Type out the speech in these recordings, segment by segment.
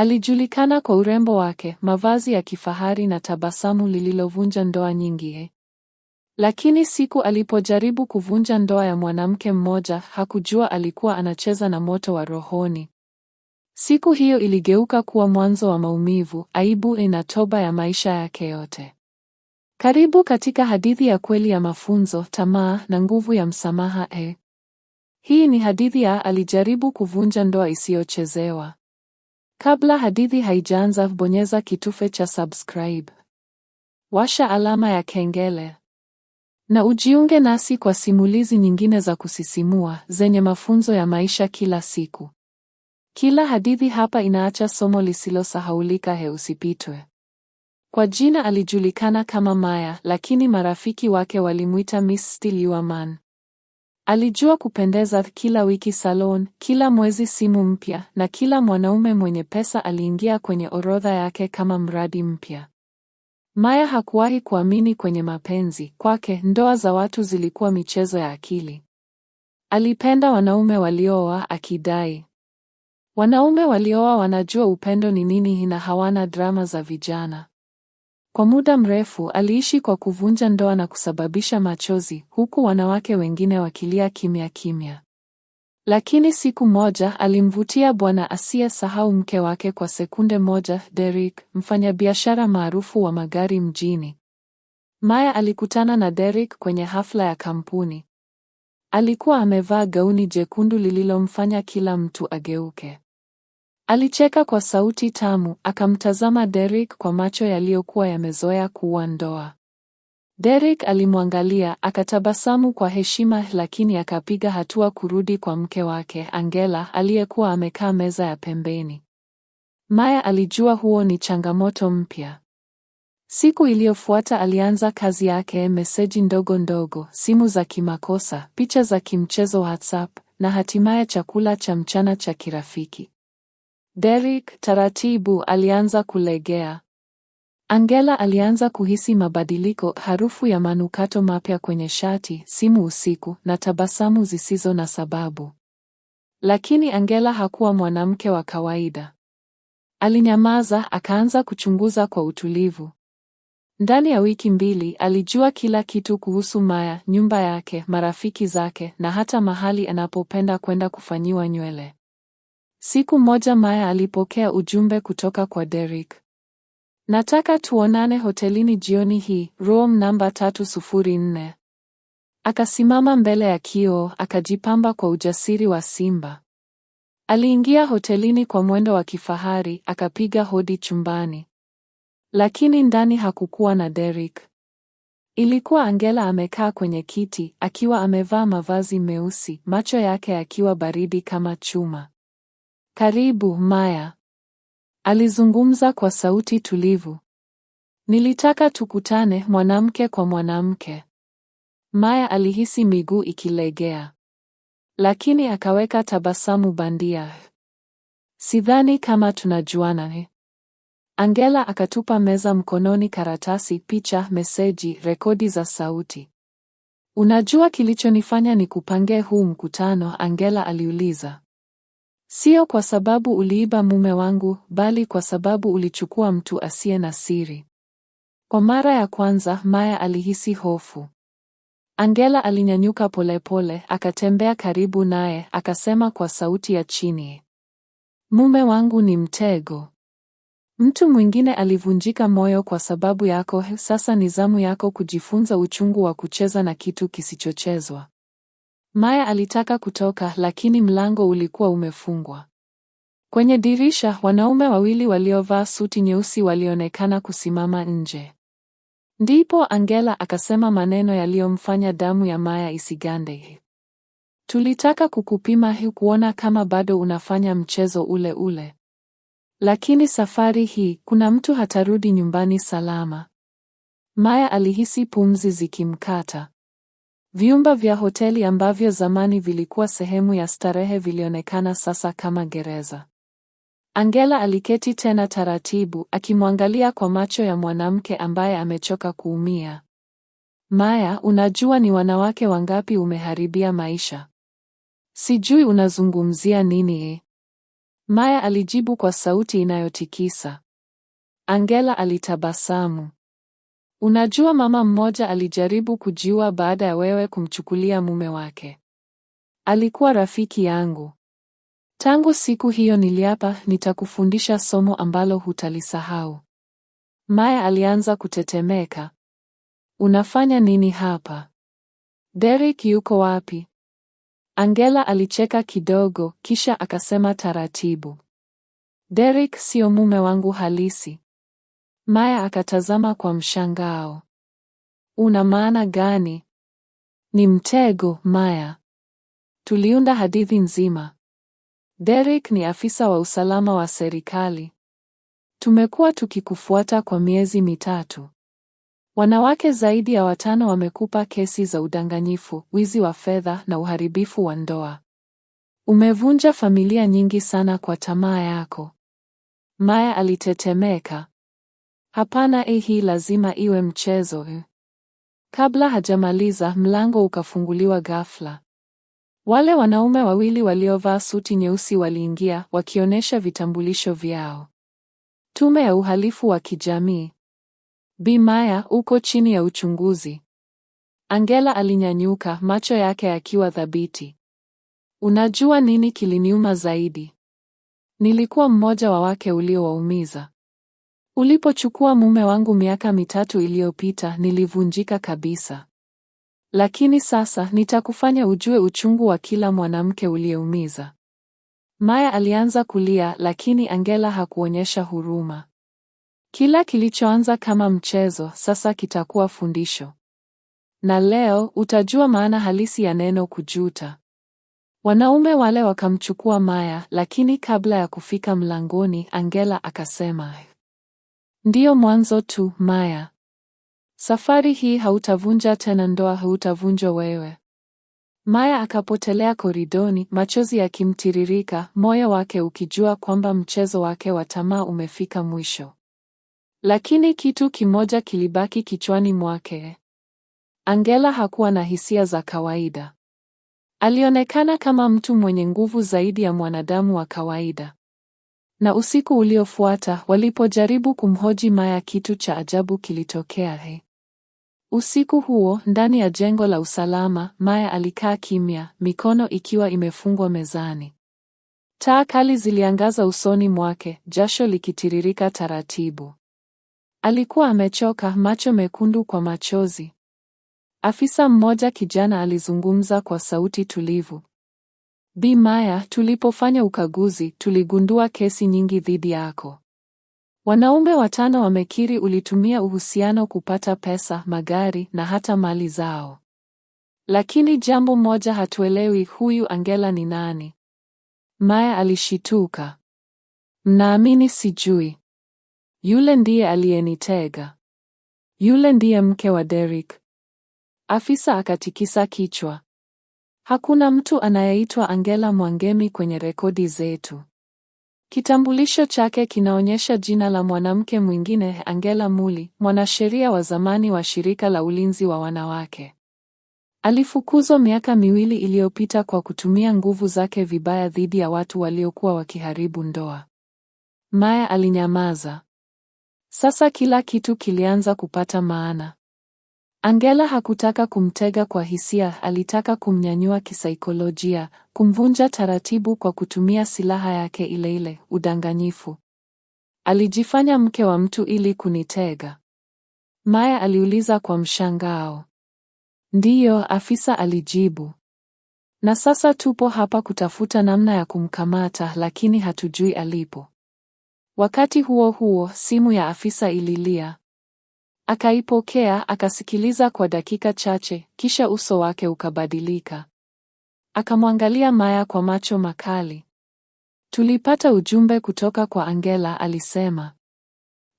Alijulikana kwa urembo wake, mavazi ya kifahari na tabasamu lililovunja ndoa nyingi he. Lakini siku alipojaribu kuvunja ndoa ya mwanamke mmoja, hakujua alikuwa anacheza na moto wa rohoni. Siku hiyo iligeuka kuwa mwanzo wa maumivu, aibu na toba ya maisha yake yote. Karibu katika hadithi ya kweli ya mafunzo, tamaa na nguvu ya msamaha. E, hii ni hadithi ya alijaribu kuvunja ndoa isiyochezewa. Kabla hadithi haijaanza, bonyeza kitufe cha subscribe, washa alama ya kengele na ujiunge nasi kwa simulizi nyingine za kusisimua zenye mafunzo ya maisha kila siku. Kila hadithi hapa inaacha somo lisilosahaulika, he, usipitwe. Kwa jina alijulikana kama Maya, lakini marafiki wake walimwita Miss Steely Woman. Alijua kupendeza kila wiki salon, kila mwezi simu mpya, na kila mwanaume mwenye pesa aliingia kwenye orodha yake kama mradi mpya. Maya hakuwahi kuamini kwenye mapenzi. Kwake ndoa za watu zilikuwa michezo ya akili. Alipenda wanaume waliooa, akidai wanaume waliooa wanajua upendo ni nini na hawana drama za vijana. Kwa muda mrefu aliishi kwa kuvunja ndoa na kusababisha machozi, huku wanawake wengine wakilia kimya kimya. Lakini siku moja alimvutia bwana asiyesahau mke wake kwa sekunde moja, Derek, mfanyabiashara maarufu wa magari mjini. Maya alikutana na Derek kwenye hafla ya kampuni. Alikuwa amevaa gauni jekundu lililomfanya kila mtu ageuke. Alicheka kwa sauti tamu, akamtazama Derek kwa macho yaliyokuwa yamezoea kuwa ndoa. Derek alimwangalia, akatabasamu kwa heshima lakini akapiga hatua kurudi kwa mke wake, Angela, aliyekuwa amekaa meza ya pembeni. Maya alijua huo ni changamoto mpya. Siku iliyofuata alianza kazi yake, meseji ndogo ndogo, simu za kimakosa, picha za kimchezo WhatsApp na hatimaye chakula cha mchana cha kirafiki. Derek taratibu alianza kulegea. Angela alianza kuhisi mabadiliko, harufu ya manukato mapya kwenye shati, simu usiku na tabasamu zisizo na sababu. Lakini Angela hakuwa mwanamke wa kawaida. Alinyamaza, akaanza kuchunguza kwa utulivu. Ndani ya wiki mbili alijua kila kitu kuhusu Maya, nyumba yake, marafiki zake na hata mahali anapopenda kwenda kufanyiwa nywele. Siku moja Maya alipokea ujumbe kutoka kwa Derek. Nataka tuonane hotelini jioni hii, room namba 304. Akasimama mbele ya kioo, akajipamba kwa ujasiri wa simba. Aliingia hotelini kwa mwendo wa kifahari, akapiga hodi chumbani. Lakini ndani hakukuwa na Derek. Ilikuwa Angela amekaa kwenye kiti, akiwa amevaa mavazi meusi, macho yake yakiwa baridi kama chuma. Karibu Maya, alizungumza kwa sauti tulivu. Nilitaka tukutane mwanamke kwa mwanamke. Maya alihisi miguu ikilegea, lakini akaweka tabasamu bandia. Sidhani kama tunajuana. Eh. Angela akatupa meza mkononi karatasi, picha, meseji, rekodi za sauti. Unajua kilichonifanya nikupange huu mkutano? Angela aliuliza. Sio kwa sababu uliiba mume wangu, bali kwa sababu ulichukua mtu asiye na siri. Kwa mara ya kwanza, Maya alihisi hofu. Angela alinyanyuka polepole, akatembea karibu naye, akasema kwa sauti ya chini, mume wangu ni mtego. Mtu mwingine alivunjika moyo kwa sababu yako. Sasa ni zamu yako kujifunza uchungu wa kucheza na kitu kisichochezwa. Maya alitaka kutoka lakini mlango ulikuwa umefungwa. Kwenye dirisha, wanaume wawili waliovaa suti nyeusi walionekana kusimama nje. Ndipo Angela akasema maneno yaliyomfanya damu ya Maya isigande. Tulitaka kukupima hii kuona kama bado unafanya mchezo ule ule. Lakini safari hii kuna mtu hatarudi nyumbani salama. Maya alihisi pumzi zikimkata. Vyumba vya hoteli ambavyo zamani vilikuwa sehemu ya starehe vilionekana sasa kama gereza. Angela aliketi tena taratibu, akimwangalia kwa macho ya mwanamke ambaye amechoka kuumia. Maya, unajua ni wanawake wangapi umeharibia maisha? Sijui unazungumzia nini eh? Maya alijibu kwa sauti inayotikisa. Angela alitabasamu. Unajua mama mmoja alijaribu kujiua baada ya wewe kumchukulia mume wake. Alikuwa rafiki yangu. Tangu siku hiyo niliapa nitakufundisha somo ambalo hutalisahau. Maya alianza kutetemeka. Unafanya nini hapa? Derek yuko wapi? Angela alicheka kidogo kisha akasema taratibu. Derek sio mume wangu halisi. Maya akatazama kwa mshangao. Una maana gani? Ni mtego, Maya. Tuliunda hadithi nzima. Derek ni afisa wa usalama wa serikali. Tumekuwa tukikufuata kwa miezi mitatu. Wanawake zaidi ya watano wamekupa kesi za udanganyifu, wizi wa fedha na uharibifu wa ndoa. Umevunja familia nyingi sana kwa tamaa yako. Maya alitetemeka. Hapana, eh, hii lazima iwe mchezo eh. Kabla hajamaliza mlango ukafunguliwa ghafla. Wale wanaume wawili waliovaa suti nyeusi waliingia wakionyesha vitambulisho vyao. Tume ya Uhalifu wa Kijamii. Bi Maya, uko chini ya uchunguzi. Angela alinyanyuka, macho yake yakiwa thabiti. Unajua nini kiliniuma zaidi? Nilikuwa mmoja wa wake uliowaumiza. Ulipochukua mume wangu miaka mitatu iliyopita, nilivunjika kabisa. Lakini sasa nitakufanya ujue uchungu wa kila mwanamke uliyeumiza. Maya alianza kulia, lakini Angela hakuonyesha huruma. Kila kilichoanza kama mchezo sasa kitakuwa fundisho. Na leo utajua maana halisi ya neno kujuta. Wanaume wale wakamchukua Maya, lakini kabla ya kufika mlangoni, Angela akasema Ndiyo mwanzo tu, Maya. Safari hii hautavunja tena ndoa, hautavunjwa wewe. Maya akapotelea koridoni, machozi yakimtiririka, moyo wake ukijua kwamba mchezo wake wa tamaa umefika mwisho. Lakini kitu kimoja kilibaki kichwani mwake. Angela hakuwa na hisia za kawaida. Alionekana kama mtu mwenye nguvu zaidi ya mwanadamu wa kawaida. Na usiku uliofuata walipojaribu kumhoji Maya, kitu cha ajabu kilitokea. He, usiku huo ndani ya jengo la usalama, Maya alikaa kimya, mikono ikiwa imefungwa mezani. Taa kali ziliangaza usoni mwake, jasho likitiririka taratibu. Alikuwa amechoka, macho mekundu kwa machozi. Afisa mmoja kijana alizungumza kwa sauti tulivu. Bi Maya, tulipofanya ukaguzi, tuligundua kesi nyingi dhidi yako. Wanaume watano wamekiri ulitumia uhusiano kupata pesa, magari na hata mali zao. Lakini jambo moja hatuelewi, huyu Angela ni nani? Maya alishituka. Mnaamini? Sijui. Yule ndiye aliyenitega. Yule ndiye mke wa Derek. Afisa akatikisa kichwa. Hakuna mtu anayeitwa Angela Mwangemi kwenye rekodi zetu. Kitambulisho chake kinaonyesha jina la mwanamke mwingine, Angela Muli, mwanasheria wa zamani wa shirika la ulinzi wa wanawake. Alifukuzwa miaka miwili iliyopita kwa kutumia nguvu zake vibaya dhidi ya watu waliokuwa wakiharibu ndoa. Maya alinyamaza. Sasa kila kitu kilianza kupata maana. Angela hakutaka kumtega kwa hisia, alitaka kumnyanyua kisaikolojia, kumvunja taratibu kwa kutumia silaha yake ile ile, udanganyifu. Alijifanya mke wa mtu ili kunitega? Maya aliuliza kwa mshangao. Ndiyo, afisa alijibu. Na sasa tupo hapa kutafuta namna ya kumkamata, lakini hatujui alipo. Wakati huo huo, simu ya afisa ililia. Akaipokea, akasikiliza kwa dakika chache, kisha uso wake ukabadilika. Akamwangalia Maya kwa macho makali. Tulipata ujumbe kutoka kwa Angela, alisema.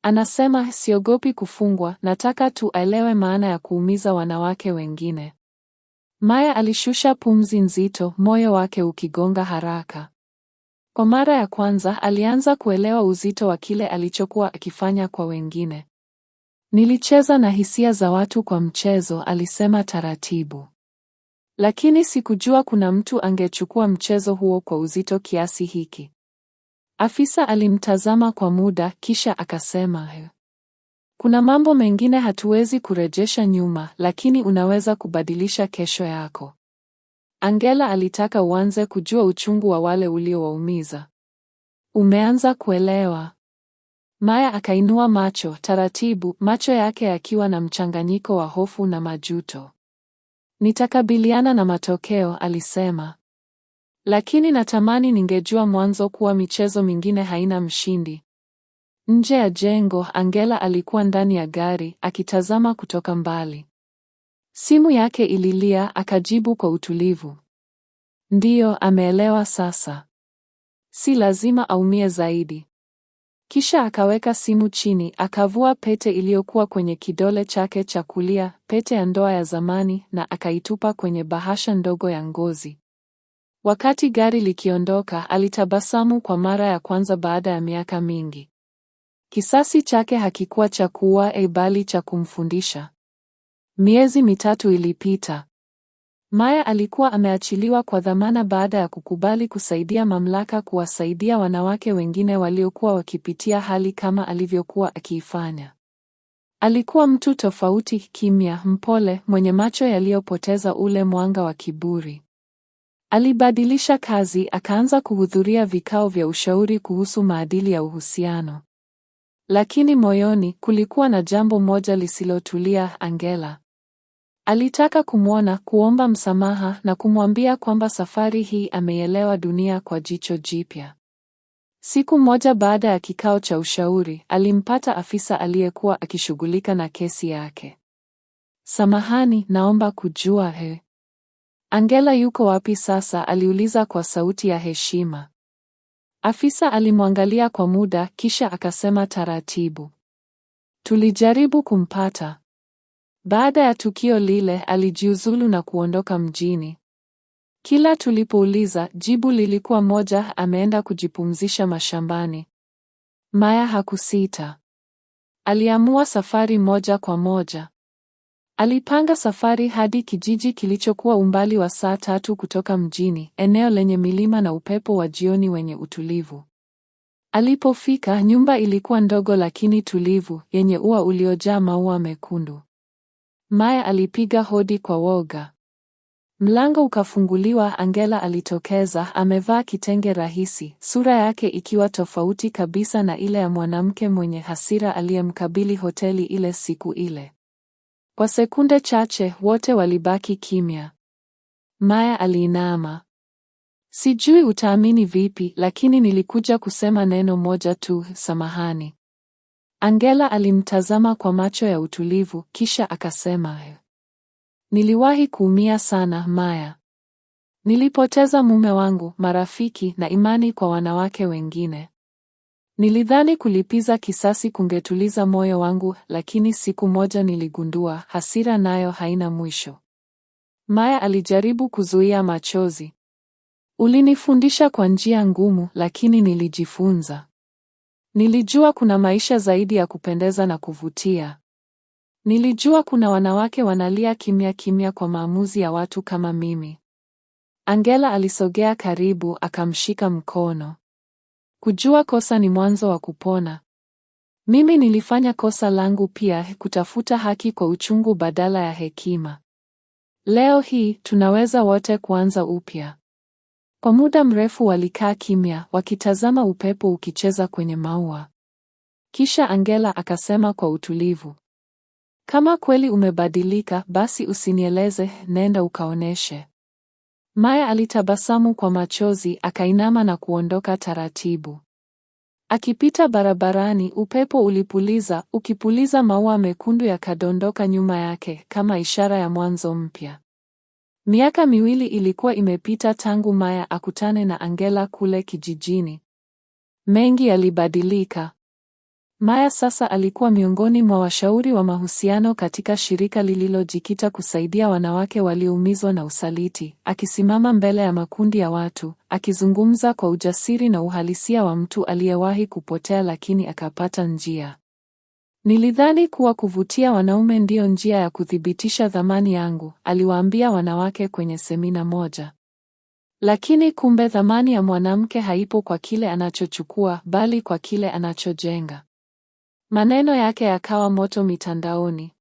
Anasema siogopi kufungwa, nataka tuelewe maana ya kuumiza wanawake wengine. Maya alishusha pumzi nzito, moyo wake ukigonga haraka. Kwa mara ya kwanza alianza kuelewa uzito wa kile alichokuwa akifanya kwa wengine. Nilicheza na hisia za watu kwa mchezo, alisema taratibu, lakini sikujua kuna mtu angechukua mchezo huo kwa uzito kiasi hiki. Afisa alimtazama kwa muda, kisha akasema, eh, kuna mambo mengine hatuwezi kurejesha nyuma, lakini unaweza kubadilisha kesho yako. Angela alitaka uanze kujua uchungu wa wale uliowaumiza. Umeanza kuelewa? Maya akainua macho taratibu, macho yake yakiwa na mchanganyiko wa hofu na majuto. Nitakabiliana na matokeo, alisema, lakini natamani ningejua mwanzo kuwa michezo mingine haina mshindi. Nje ya jengo, Angela alikuwa ndani ya gari akitazama kutoka mbali. Simu yake ililia, akajibu kwa utulivu, ndiyo, ameelewa sasa, si lazima aumie zaidi. Kisha akaweka simu chini, akavua pete iliyokuwa kwenye kidole chake cha kulia, pete ya ndoa ya zamani, na akaitupa kwenye bahasha ndogo ya ngozi. Wakati gari likiondoka, alitabasamu kwa mara ya kwanza baada ya miaka mingi. Kisasi chake hakikuwa cha kuua, e bali cha kumfundisha. Miezi mitatu ilipita. Maya alikuwa ameachiliwa kwa dhamana baada ya kukubali kusaidia mamlaka kuwasaidia wanawake wengine waliokuwa wakipitia hali kama alivyokuwa akiifanya. Alikuwa mtu tofauti, kimya, mpole, mwenye macho yaliyopoteza ule mwanga wa kiburi. Alibadilisha kazi, akaanza kuhudhuria vikao vya ushauri kuhusu maadili ya uhusiano. Lakini moyoni kulikuwa na jambo moja lisilotulia, Angela. Alitaka kumwona, kuomba msamaha na kumwambia kwamba safari hii ameielewa dunia kwa jicho jipya. Siku moja baada ya kikao cha ushauri, alimpata afisa aliyekuwa akishughulika na kesi yake. Samahani, naomba kujua he, Angela yuko wapi sasa? aliuliza kwa sauti ya heshima. Afisa alimwangalia kwa muda, kisha akasema taratibu, tulijaribu kumpata baada ya tukio lile, alijiuzulu na kuondoka mjini. Kila tulipouliza, jibu lilikuwa moja, ameenda kujipumzisha mashambani. Maya hakusita. Aliamua safari moja kwa moja. Alipanga safari hadi kijiji kilichokuwa umbali wa saa tatu kutoka mjini, eneo lenye milima na upepo wa jioni wenye utulivu. Alipofika, nyumba ilikuwa ndogo lakini tulivu, yenye ua uliojaa maua mekundu. Maya alipiga hodi kwa woga. Mlango ukafunguliwa. Angela alitokeza amevaa kitenge rahisi, sura yake ikiwa tofauti kabisa na ile ya mwanamke mwenye hasira aliyemkabili hoteli ile siku ile. Kwa sekunde chache wote walibaki kimya. Maya aliinama. Sijui utaamini vipi, lakini nilikuja kusema neno moja tu, samahani. Angela alimtazama kwa macho ya utulivu, kisha akasema, niliwahi kuumia sana Maya. Nilipoteza mume wangu, marafiki na imani kwa wanawake wengine. Nilidhani kulipiza kisasi kungetuliza moyo wangu, lakini siku moja niligundua hasira nayo haina mwisho. Maya alijaribu kuzuia machozi. Ulinifundisha kwa njia ngumu, lakini nilijifunza. Nilijua kuna maisha zaidi ya kupendeza na kuvutia. Nilijua kuna wanawake wanalia kimya kimya kwa maamuzi ya watu kama mimi. Angela alisogea karibu, akamshika mkono. Kujua kosa ni mwanzo wa kupona. Mimi nilifanya kosa langu pia, kutafuta haki kwa uchungu badala ya hekima. Leo hii tunaweza wote kuanza upya. Kwa muda mrefu walikaa kimya, wakitazama upepo ukicheza kwenye maua. Kisha Angela akasema kwa utulivu, kama kweli umebadilika, basi usinieleze, nenda ukaoneshe. Maya alitabasamu kwa machozi, akainama na kuondoka taratibu. Akipita barabarani, upepo ulipuliza, ukipuliza maua mekundu yakadondoka nyuma yake kama ishara ya mwanzo mpya. Miaka miwili ilikuwa imepita tangu Maya akutane na Angela kule kijijini. Mengi yalibadilika. Maya sasa alikuwa miongoni mwa washauri wa mahusiano katika shirika lililojikita kusaidia wanawake walioumizwa na usaliti, akisimama mbele ya makundi ya watu, akizungumza kwa ujasiri na uhalisia wa mtu aliyewahi kupotea lakini akapata njia. Nilidhani kuwa kuvutia wanaume ndiyo njia ya kuthibitisha thamani yangu, aliwaambia wanawake kwenye semina moja. Lakini kumbe thamani ya mwanamke haipo kwa kile anachochukua, bali kwa kile anachojenga. Maneno yake yakawa moto mitandaoni.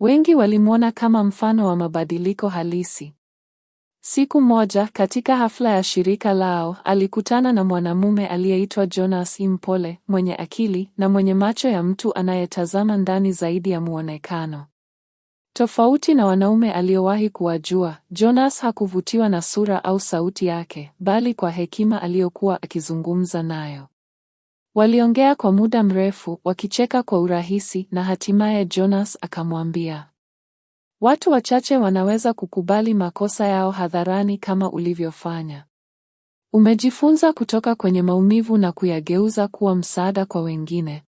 Wengi walimwona kama mfano wa mabadiliko halisi. Siku moja katika hafla ya shirika lao, alikutana na mwanamume aliyeitwa Jonas Impole, mwenye akili na mwenye macho ya mtu anayetazama ndani zaidi ya muonekano. Tofauti na wanaume aliyowahi kuwajua, Jonas hakuvutiwa na sura au sauti yake, bali kwa hekima aliyokuwa akizungumza nayo. Waliongea kwa muda mrefu, wakicheka kwa urahisi na hatimaye Jonas akamwambia, Watu wachache wanaweza kukubali makosa yao hadharani kama ulivyofanya. Umejifunza kutoka kwenye maumivu na kuyageuza kuwa msaada kwa wengine.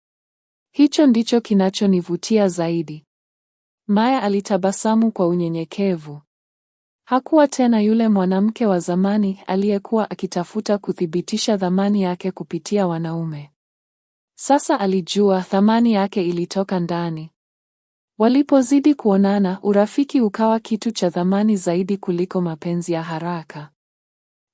Hicho ndicho kinachonivutia zaidi. Maya alitabasamu kwa unyenyekevu. Hakuwa tena yule mwanamke wa zamani aliyekuwa akitafuta kuthibitisha thamani yake kupitia wanaume. Sasa alijua thamani yake ilitoka ndani. Walipozidi kuonana, urafiki ukawa kitu cha thamani zaidi kuliko mapenzi ya haraka.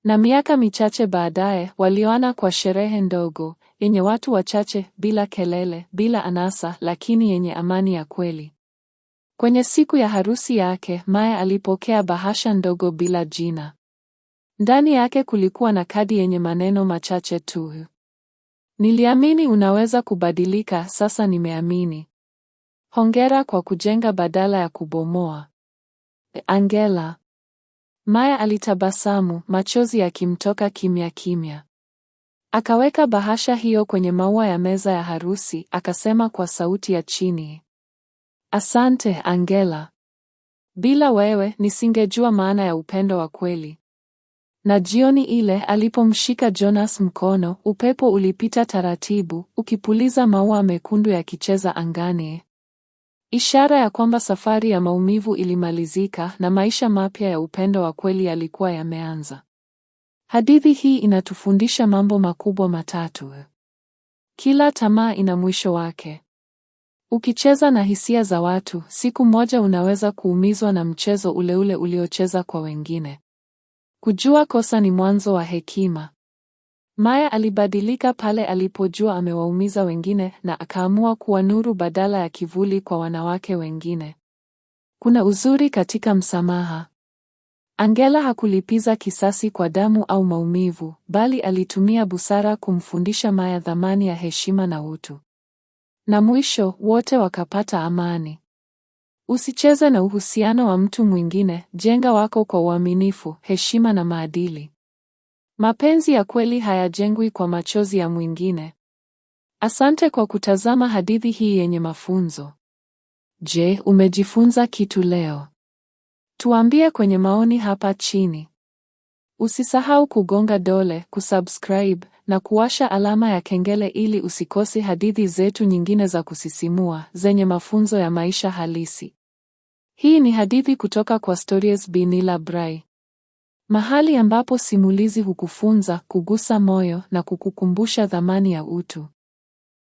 Na miaka michache baadaye, walioana kwa sherehe ndogo yenye watu wachache, bila kelele, bila anasa, lakini yenye amani ya kweli. Kwenye siku ya harusi yake, Maya alipokea bahasha ndogo bila jina. Ndani yake kulikuwa na kadi yenye maneno machache tu. Niliamini unaweza kubadilika, sasa nimeamini. Hongera kwa kujenga badala ya kubomoa. Angela. Maya alitabasamu, machozi yakimtoka kimya kimya. Akaweka bahasha hiyo kwenye maua ya meza ya harusi, akasema kwa sauti ya chini. Asante, Angela. Bila wewe nisingejua maana ya upendo wa kweli. Na jioni ile alipomshika Jonas mkono, upepo ulipita taratibu, ukipuliza maua mekundu yakicheza angani. Ishara ya kwamba safari ya maumivu ilimalizika na maisha mapya ya upendo wa kweli yalikuwa yameanza. Hadithi hii inatufundisha mambo makubwa matatu. Kila tamaa ina mwisho wake. Ukicheza na hisia za watu, siku moja unaweza kuumizwa na mchezo ule ule uliocheza kwa wengine. Kujua kosa ni mwanzo wa hekima. Maya alibadilika pale alipojua amewaumiza wengine na akaamua kuwa nuru badala ya kivuli kwa wanawake wengine. Kuna uzuri katika msamaha. Angela hakulipiza kisasi kwa damu au maumivu, bali alitumia busara kumfundisha Maya dhamani ya heshima na utu. Na mwisho wote wakapata amani. Usicheze na uhusiano wa mtu mwingine, jenga wako kwa uaminifu, heshima na maadili. Mapenzi ya kweli hayajengwi kwa machozi ya mwingine. Asante kwa kutazama hadithi hii yenye mafunzo. Je, umejifunza kitu leo? Tuambie kwenye maoni hapa chini. Usisahau kugonga dole, kusubscribe na kuwasha alama ya kengele ili usikose hadithi zetu nyingine za kusisimua zenye mafunzo ya maisha halisi. Hii ni hadithi kutoka kwa Stories By Nila Bray mahali ambapo simulizi hukufunza, kugusa moyo na kukukumbusha thamani ya utu.